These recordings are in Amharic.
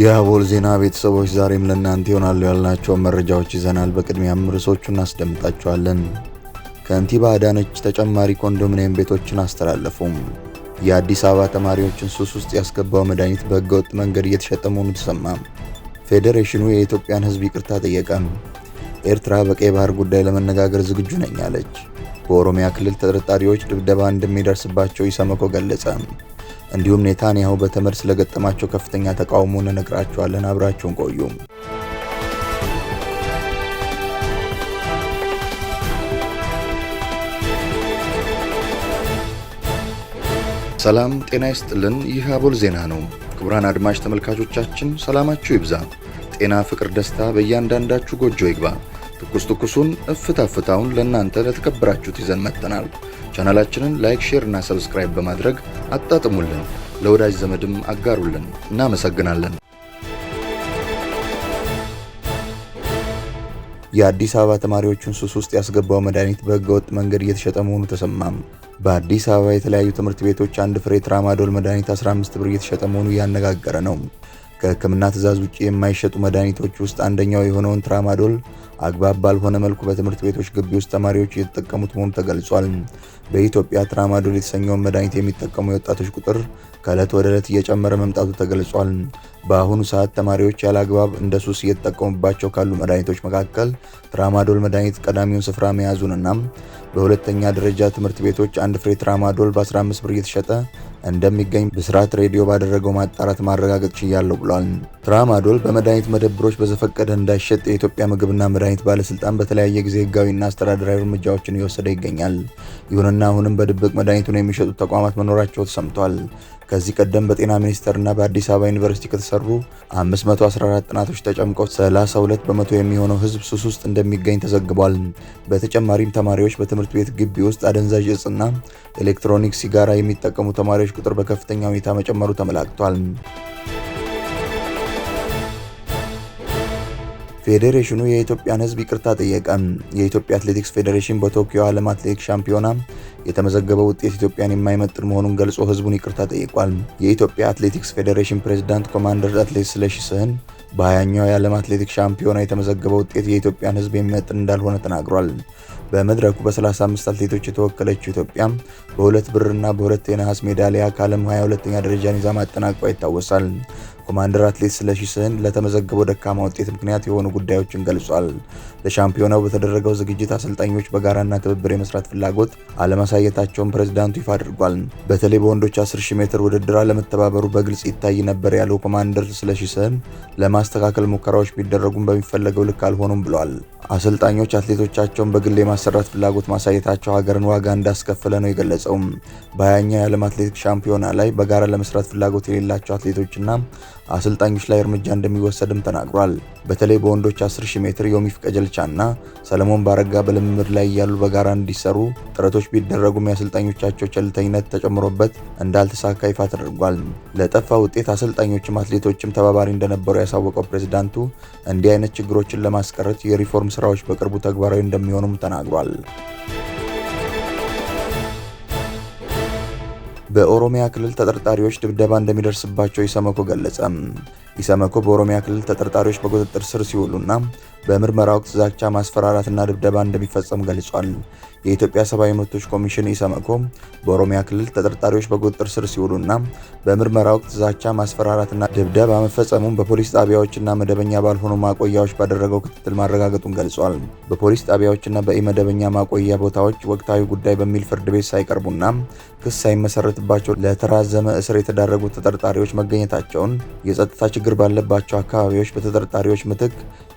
የአቦል ዜና ቤተሰቦች ዛሬም ለእናንተ ይሆናሉ ያልናቸውን መረጃዎች ይዘናል። በቅድሚያም ርዕሶቹ እናስደምጣቸዋለን። ከንቲባ አዳነች ተጨማሪ ኮንዶሚኒየም ቤቶችን አስተላለፉም። የአዲስ አበባ ተማሪዎችን ሱስ ውስጥ ያስገባው መድኃኒት በህገወጥ መንገድ እየተሸጠ መሆኑ ተሰማ። ፌዴሬሽኑ የኢትዮጵያን ህዝብ ይቅርታ ጠየቀም። ኤርትራ በቀይ ባህር ጉዳይ ለመነጋገር ዝግጁ ነኝ አለች። በኦሮሚያ ክልል ተጠርጣሪዎች ድብደባ እንደሚደርስባቸው ኢሰመኮ ገለጸ። እንዲሁም ኔታንያሁ በተመድ ስለገጠማቸው ከፍተኛ ተቃውሞ እንነግራችኋለን። አብራችሁን ቆዩ። ሰላም ጤና ይስጥልን። ይህ አቦል ዜና ነው። ክቡራን አድማጭ ተመልካቾቻችን ሰላማችሁ ይብዛ፣ ጤና፣ ፍቅር፣ ደስታ በእያንዳንዳችሁ ጎጆ ይግባ። ትኩስ ትኩሱን እፍታ ፍታውን ለእናንተ ለተከበራችሁት ይዘን መጥተናል። ቻናላችንን ላይክ፣ ሼር እና ሰብስክራይብ በማድረግ አጣጥሙልን፣ ለወዳጅ ዘመድም አጋሩልን። እናመሰግናለን። የአዲስ አበባ ተማሪዎችን ሱስ ውስጥ ያስገባው መድኃኒት በህገወጥ መንገድ እየተሸጠ መሆኑ ተሰማም። በአዲስ አበባ የተለያዩ ትምህርት ቤቶች አንድ ፍሬ ትራማዶል መድኃኒት 15 ብር እየተሸጠ መሆኑ እያነጋገረ ነው። ከህክምና ትዕዛዝ ውጭ የማይሸጡ መድኃኒቶች ውስጥ አንደኛው የሆነውን ትራማዶል አግባብ ባልሆነ መልኩ በትምህርት ቤቶች ግቢ ውስጥ ተማሪዎች እየተጠቀሙት መሆኑ ተገልጿል። በኢትዮጵያ ትራማዶል የተሰኘውን መድኃኒት የሚጠቀሙ የወጣቶች ቁጥር ከዕለት ወደ ዕለት እየጨመረ መምጣቱ ተገልጿል። በአሁኑ ሰዓት ተማሪዎች ያለ አግባብ እንደ ሱስ እየተጠቀሙባቸው ካሉ መድኃኒቶች መካከል ትራማዶል መድኃኒት ቀዳሚውን ስፍራ መያዙንና በሁለተኛ ደረጃ ትምህርት ቤቶች አንድ ፍሬ ትራማዶል በ15 ብር እየተሸጠ እንደሚገኝ ብስራት ሬዲዮ ባደረገው ማጣራት ማረጋገጥ ችያለሁ ብሏል። ትራማዶል በመድኃኒት መደብሮች በዘፈቀደ እንዳይሸጥ የኢትዮጵያ ምግብና መድኃኒት ባለስልጣን በተለያየ ጊዜ ህጋዊና አስተዳደራዊ እርምጃዎችን እየወሰደ ይገኛል። ይሁንና አሁንም በድብቅ መድኃኒቱን የሚሸጡት ተቋማት መኖራቸው ተሰምቷል። ከዚህ ቀደም በጤና ሚኒስቴርና በአዲስ አበባ ዩኒቨርሲቲ የተሰሩ 514 ጥናቶች ተጨምቀው 32 በመቶ የሚሆነው ህዝብ ሱስ ውስጥ እንደሚገኝ ተዘግቧል። በተጨማሪም ተማሪዎች በትምህርት ቤት ግቢ ውስጥ አደንዛዥ እጽና ኤሌክትሮኒክ ሲጋራ የሚጠቀሙ ተማሪዎች ቁጥር በከፍተኛ ሁኔታ መጨመሩ ተመላክቷል። ፌዴሬሽኑ የኢትዮጵያን ሕዝብ ይቅርታ ጠየቀ። የኢትዮጵያ አትሌቲክስ ፌዴሬሽን በቶኪዮ ዓለም አትሌቲክስ ሻምፒዮና የተመዘገበው ውጤት ኢትዮጵያን የማይመጥን መሆኑን ገልጾ ሕዝቡን ይቅርታ ጠይቋል። የኢትዮጵያ አትሌቲክስ ፌዴሬሽን ፕሬዝዳንት ኮማንደር አትሌት ስለሺ ስህን በሀያኛው የዓለም አትሌቲክስ ሻምፒዮና የተመዘገበው ውጤት የኢትዮጵያን ሕዝብ የሚመጥን እንዳልሆነ ተናግሯል። በመድረኩ በ35 አትሌቶች የተወከለችው ኢትዮጵያ በሁለት ብርና በሁለት የነሐስ ሜዳሊያ ከዓለም 22ኛ ደረጃን ይዛ ማጠናቋ ይታወሳል። ኮማንደር አትሌት ስለሺ ስህን ለተመዘገበው ደካማ ውጤት ምክንያት የሆኑ ጉዳዮችን ገልጿል። ለሻምፒዮናው በተደረገው ዝግጅት አሰልጣኞች በጋራና ትብብር የመስራት ፍላጎት አለማሳየታቸውን ፕሬዝዳንቱ ይፋ አድርጓል። በተለይ በወንዶች 10,000 ሜትር ውድድር አለመተባበሩ በግልጽ ይታይ ነበር ያለው ኮማንደር ስለሺ ስህን ለማስተካከል ሙከራዎች ቢደረጉም በሚፈለገው ልክ አልሆኑም ብሏል። አሰልጣኞች አትሌቶቻቸውን በግል የማሰራት ፍላጎት ማሳየታቸው ሀገርን ዋጋ እንዳስከፈለ ነው የገለጸውም። በሀያኛው የዓለም አትሌቲክስ ሻምፒዮና ላይ በጋራ ለመስራት ፍላጎት የሌላቸው አትሌቶችና አሰልጣኞች ላይ እርምጃ እንደሚወሰድም ተናግሯል። በተለይ በወንዶች 10000 ሜትር ዮሚፍ ቀጀልቻና ሰለሞን ባረጋ በልምምድ ላይ እያሉ በጋራ እንዲሰሩ ጥረቶች ቢደረጉም የአሰልጣኞቻቸው ቸልተኝነት ተጨምሮበት እንዳልተሳካ ይፋ ተደርጓል። ለጠፋ ውጤት አሰልጣኞችም አትሌቶችም ተባባሪ እንደነበሩ ያሳወቀው ፕሬዚዳንቱ እንዲህ አይነት ችግሮችን ለማስቀረት የሪፎርም ስራዎች በቅርቡ ተግባራዊ እንደሚሆኑም ተናግሯል። በኦሮሚያ ክልል ተጠርጣሪዎች ድብደባ እንደሚደርስባቸው ኢሰመኮ ገለጸም። ኢሰመኮ በኦሮሚያ ክልል ተጠርጣሪዎች በቁጥጥር ስር ሲውሉና በምርመራ ወቅት ዛቻ፣ ማስፈራራትና ድብደባ እንደሚፈጸም ገልጿል። የኢትዮጵያ ሰብአዊ መብቶች ኮሚሽን ኢሰመኮ በኦሮሚያ ክልል ተጠርጣሪዎች በቁጥጥር ስር ሲውሉና በምርመራ ወቅት ዛቻ፣ ማስፈራራትና ድብደባ መፈጸሙን በፖሊስ ጣቢያዎችና መደበኛ ባልሆኑ ማቆያዎች ባደረገው ክትትል ማረጋገጡን ገልጿል። በፖሊስ ጣቢያዎችና በኢመደበኛ ማቆያ ቦታዎች ወቅታዊ ጉዳይ በሚል ፍርድ ቤት ሳይቀርቡና ክስ ሳይመሰረትባቸው ለተራዘመ እስር የተዳረጉ ተጠርጣሪዎች መገኘታቸውን የጸጥታ ችግር ችግር ባለባቸው አካባቢዎች በተጠርጣሪዎች ምትክ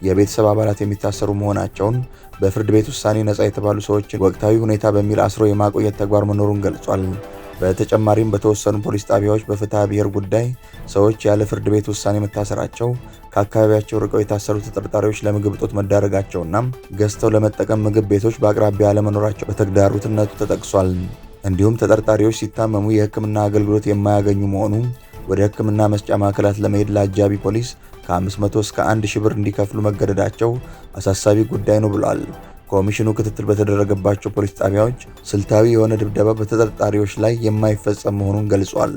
የቤተሰብ አባላት የሚታሰሩ መሆናቸውን በፍርድ ቤት ውሳኔ ነጻ የተባሉ ሰዎችን ወቅታዊ ሁኔታ በሚል አስሮ የማቆየት ተግባር መኖሩን ገልጿል። በተጨማሪም በተወሰኑ ፖሊስ ጣቢያዎች በፍትሐ ብሔር ጉዳይ ሰዎች ያለ ፍርድ ቤት ውሳኔ መታሰራቸው፣ ከአካባቢያቸው ርቀው የታሰሩ ተጠርጣሪዎች ለምግብ እጦት መዳረጋቸውና ገዝተው ለመጠቀም ምግብ ቤቶች በአቅራቢያ አለመኖራቸው በተግዳሮትነቱ ተጠቅሷል። እንዲሁም ተጠርጣሪዎች ሲታመሙ የሕክምና አገልግሎት የማያገኙ መሆኑ ወደ ሕክምና መስጫ ማዕከላት ለመሄድ ለአጃቢ ፖሊስ ከ500 እስከ 1 ሺ ብር እንዲከፍሉ መገደዳቸው አሳሳቢ ጉዳይ ነው ብሏል። ኮሚሽኑ ክትትል በተደረገባቸው ፖሊስ ጣቢያዎች ስልታዊ የሆነ ድብደባ በተጠርጣሪዎች ላይ የማይፈጸም መሆኑን ገልጿል።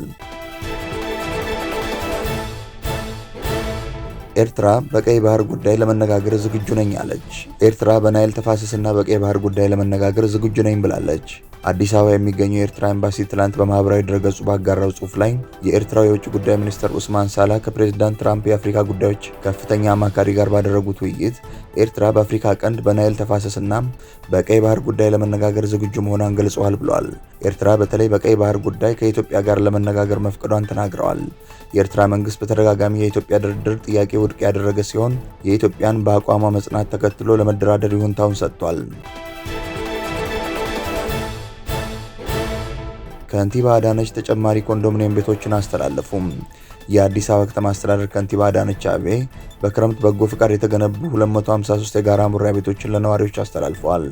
ኤርትራ በቀይ ባህር ጉዳይ ለመነጋገር ዝግጁ ነኝ አለች። ኤርትራ በናይል ተፋሰስና በቀይ ባህር ጉዳይ ለመነጋገር ዝግጁ ነኝ ብላለች። አዲስ አበባ የሚገኘው የኤርትራ ኤምባሲ ትላንት በማህበራዊ ድረገጹ ባጋራው ጽሁፍ ላይ የኤርትራው የውጭ ጉዳይ ሚኒስትር ኡስማን ሳላ ከፕሬዚዳንት ትራምፕ የአፍሪካ ጉዳዮች ከፍተኛ አማካሪ ጋር ባደረጉት ውይይት ኤርትራ በአፍሪካ ቀንድ በናይል ተፋሰስና በቀይ ባህር ጉዳይ ለመነጋገር ዝግጁ መሆኗን ገልጸዋል ብለዋል። ኤርትራ በተለይ በቀይ ባህር ጉዳይ ከኢትዮጵያ ጋር ለመነጋገር መፍቀዷን ተናግረዋል። የኤርትራ መንግስት በተደጋጋሚ የኢትዮጵያ ድርድር ጥያቄ ውድቅ ያደረገ ሲሆን የኢትዮጵያን በአቋሟ መጽናት ተከትሎ ለመደራደር ይሁንታውን ሰጥቷል። ከንቲባ አዳነች ተጨማሪ ኮንዶሚኒየም ቤቶችን አስተላለፉም። የአዲስ አበባ ከተማ አስተዳደር ከንቲባ አዳነች አቤ በክረምት በጎ ፍቃድ የተገነቡ 253 የጋራ መኖሪያ ቤቶችን ለነዋሪዎች አስተላልፈዋል።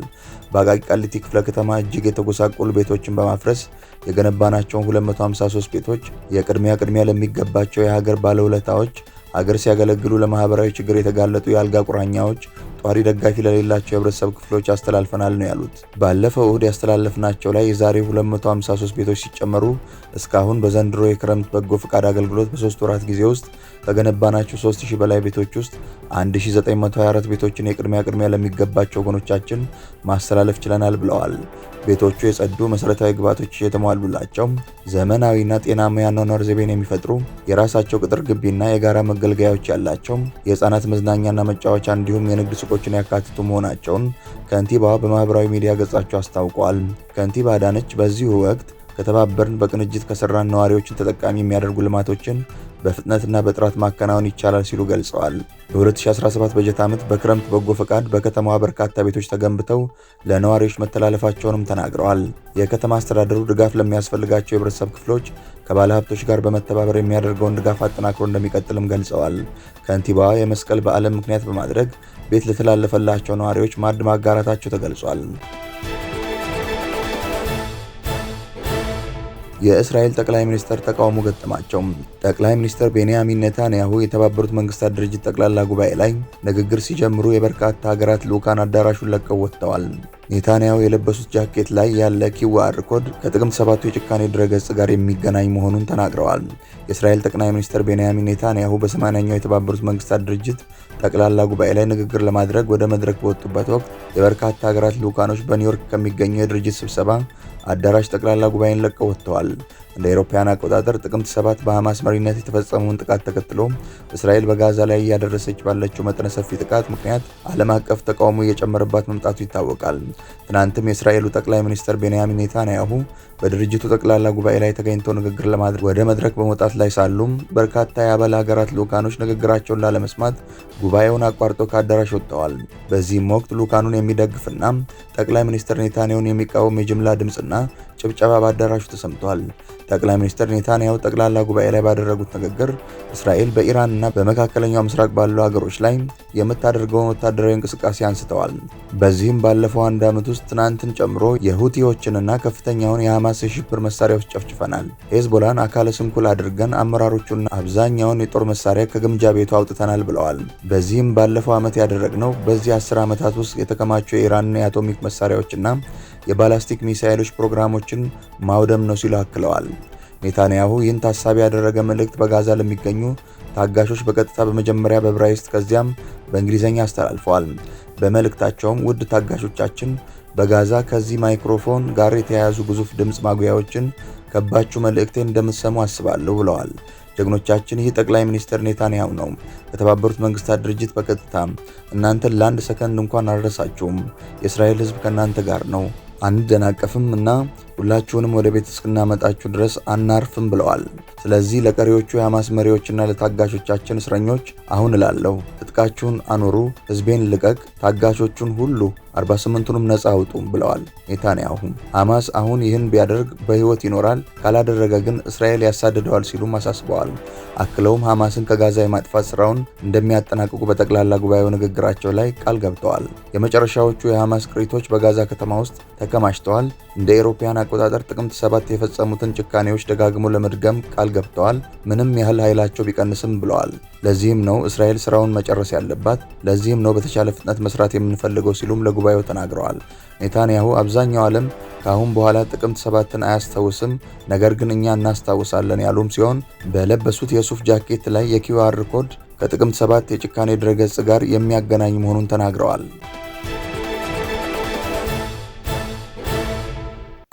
በአቃቂ ቃሊቲ ክፍለ ከተማ እጅግ የተጎሳቆሉ ቤቶችን በማፍረስ የገነባናቸውን 253 ቤቶች የቅድሚያ ቅድሚያ ለሚገባቸው የሀገር ባለውለታዎች ሀገር ሲያገለግሉ ለማህበራዊ ችግር የተጋለጡ የአልጋ ቁራኛዎች ጧሪ ደጋፊ ለሌላቸው የህብረተሰብ ክፍሎች ያስተላልፈናል ነው ያሉት። ባለፈው እሁድ ያስተላለፍናቸው ላይ የዛሬ 253 ቤቶች ሲጨመሩ እስካሁን በዘንድሮ የክረምት በጎ ፈቃድ አገልግሎት በሶስት ወራት ጊዜ ውስጥ ከገነባናቸው 3000 በላይ ቤቶች ውስጥ 1924 ቤቶችን የቅድሚያ ቅድሚያ ለሚገባቸው ወገኖቻችን ማስተላለፍ ችለናል ብለዋል። ቤቶቹ የጸዱ፣ መሰረታዊ ግብዓቶች የተሟሉላቸው፣ ዘመናዊና ጤናማ የአኗኗር ዘይቤን የሚፈጥሩ፣ የራሳቸው ቅጥር ግቢና የጋራ መገልገያዎች ያላቸው፣ የህፃናት መዝናኛና መጫወቻ እንዲሁም የንግድ ሱቆ መስኮችን ያካትቱ መሆናቸውን ከንቲባ በማህበራዊ ሚዲያ ገጻቸው አስታውቀዋል። ከንቲባ አዳነች በዚሁ ወቅት ከተባበርን በቅንጅት ከሰራን ነዋሪዎችን ተጠቃሚ የሚያደርጉ ልማቶችን በፍጥነትና በጥራት ማከናወን ይቻላል ሲሉ ገልጸዋል በ የ2017 በጀት ዓመት በክረምት በጎ ፈቃድ በከተማዋ በርካታ ቤቶች ተገንብተው ለነዋሪዎች መተላለፋቸውንም ተናግረዋል። የከተማ አስተዳደሩ ድጋፍ ለሚያስፈልጋቸው የህብረተሰብ ክፍሎች ከባለ ሀብቶች ጋር በመተባበር የሚያደርገውን ድጋፍ አጠናክሮ እንደሚቀጥልም ገልጸዋል። ከንቲባዋ የመስቀል በዓለም ምክንያት በማድረግ ቤት ለተላለፈላቸው ነዋሪዎች ማዕድ ማጋራታቸው ተገልጿል። የእስራኤል ጠቅላይ ሚኒስተር ተቃውሞ ገጠማቸው። ጠቅላይ ሚኒስትር ቤንያሚን ኔታንያሁ የተባበሩት መንግስታት ድርጅት ጠቅላላ ጉባኤ ላይ ንግግር ሲጀምሩ የበርካታ ሀገራት ልዑካን አዳራሹን ለቀው ወጥተዋል። ኔታንያሁ የለበሱት ጃኬት ላይ ያለ ኪዋር ኮድ ከጥቅምት ሰባቱ የጭካኔ ድረገጽ ጋር የሚገናኝ መሆኑን ተናግረዋል። የእስራኤል ጠቅላይ ሚኒስትር ቤንያሚን ኔታንያሁ በ80ኛው የተባበሩት መንግስታት ድርጅት ጠቅላላ ጉባኤ ላይ ንግግር ለማድረግ ወደ መድረክ በወጡበት ወቅት የበርካታ ሀገራት ልዑካኖች በኒውዮርክ ከሚገኘው የድርጅት ስብሰባ አዳራሽ ጠቅላላ ጉባኤን ለቀው ወጥተዋል። እንደ አውሮፓውያን አቆጣጠር ጥቅምት ሰባት በሐማስ መሪነት የተፈጸመውን ጥቃት ተከትሎ እስራኤል በጋዛ ላይ እያደረሰች ባለችው መጠነ ሰፊ ጥቃት ምክንያት ዓለም አቀፍ ተቃውሞ እየጨመረባት መምጣቱ ይታወቃል። ትናንትም የእስራኤሉ ጠቅላይ ሚኒስትር ቤንያሚን ኔታንያሁ በድርጅቱ ጠቅላላ ጉባኤ ላይ ተገኝተው ንግግር ለማድረግ ወደ መድረክ በመውጣት ላይ ሳሉም በርካታ የአባል ሀገራት ልዑካኖች ንግግራቸውን ላለመስማት ጉባኤውን አቋርጠው ከአዳራሽ ወጥተዋል። በዚህም ወቅት ልዑካኑን የሚደግፍና ጠቅላይ ሚኒስትር ኔታንያሁን የሚቃወም የጅምላ ድምፅና ጭብጨባ በአዳራሹ ተሰምቷል። ጠቅላይ ሚኒስትር ኔታንያሁ ጠቅላላ ጉባኤ ላይ ባደረጉት ንግግር እስራኤል በኢራንና በመካከለኛው ምስራቅ ባሉ ሀገሮች ላይ የምታደርገውን ወታደራዊ እንቅስቃሴ አንስተዋል። በዚህም ባለፈው አንድ ዓመት ውስጥ ትናንትን ጨምሮ የሁቲዎችንና ከፍተኛውን የሐማስ የሽብር መሳሪያዎች ጨፍጭፈናል። ሄዝቦላን አካለ ስንኩል አድርገን አመራሮቹና አብዛኛውን የጦር መሳሪያ ከግምጃ ቤቱ አውጥተናል ብለዋል። በዚህም ባለፈው ዓመት ያደረግነው በዚህ አስር ዓመታት ውስጥ የተከማቸው የኢራንና የአቶሚክ መሳሪያዎችና የባላስቲክ ሚሳይሎች ፕሮግራሞችን ማውደም ነው ሲሉ አክለዋል። ኔታንያሁ ይህን ታሳቢ ያደረገ መልእክት በጋዛ ለሚገኙ ታጋሾች በቀጥታ በመጀመሪያ በዕብራይስጥ ከዚያም በእንግሊዝኛ አስተላልፈዋል። በመልእክታቸውም ውድ ታጋሾቻችን በጋዛ ከዚህ ማይክሮፎን ጋር የተያያዙ ግዙፍ ድምፅ ማጉያዎችን ከባችሁ መልእክቴን እንደምትሰሙ አስባለሁ ብለዋል። ጀግኖቻችን፣ ይህ ጠቅላይ ሚኒስትር ኔታንያሁ ነው። ከተባበሩት መንግስታት ድርጅት በቀጥታ እናንተን ለአንድ ሰከንድ እንኳን አልረሳችሁም። የእስራኤል ሕዝብ ከእናንተ ጋር ነው አንደናቀፍም እና ሁላችሁንም ወደ ቤት እስክናመጣችሁ ድረስ አናርፍም ብለዋል። ስለዚህ ለቀሪዎቹ የሐማስ መሪዎችና ለታጋሾቻችን እስረኞች አሁን እላለሁ፣ ትጥቃችሁን አኑሩ፣ ህዝቤን ልቀቅ፣ ታጋቾቹን ሁሉ 48ቱንም ነጻ አውጡ ብለዋል ኔታንያሁም። ሐማስ አሁን ይህን ቢያደርግ በሕይወት ይኖራል፣ ካላደረገ ግን እስራኤል ያሳድደዋል ሲሉም አሳስበዋል። አክለውም ሐማስን ከጋዛ የማጥፋት ስራውን እንደሚያጠናቅቁ በጠቅላላ ጉባኤው ንግግራቸው ላይ ቃል ገብተዋል። የመጨረሻዎቹ የሐማስ ቅሪቶች በጋዛ ከተማ ውስጥ ተከማችተዋል። እንደ ኤሮፓያን አቆጣጠር ጥቅምት ሰባት የፈጸሙትን ጭካኔዎች ደጋግሞ ለመድገም ቃል ገብተዋል፣ ምንም ያህል ኃይላቸው ቢቀንስም ብለዋል። ለዚህም ነው እስራኤል ስራውን መጨረስ ያለባት። ለዚህም ነው በተቻለ ፍጥነት መስራት የምንፈልገው ሲሉም ለጉባኤው ተናግረዋል። ኔታንያሁ አብዛኛው ዓለም ከአሁን በኋላ ጥቅምት ሰባትን አያስታውስም፣ ነገር ግን እኛ እናስታውሳለን ያሉም ሲሆን በለበሱት የሱፍ ጃኬት ላይ የኪውአር ኮድ ከጥቅምት ሰባት የጭካኔ ድረገጽ ጋር የሚያገናኝ መሆኑን ተናግረዋል።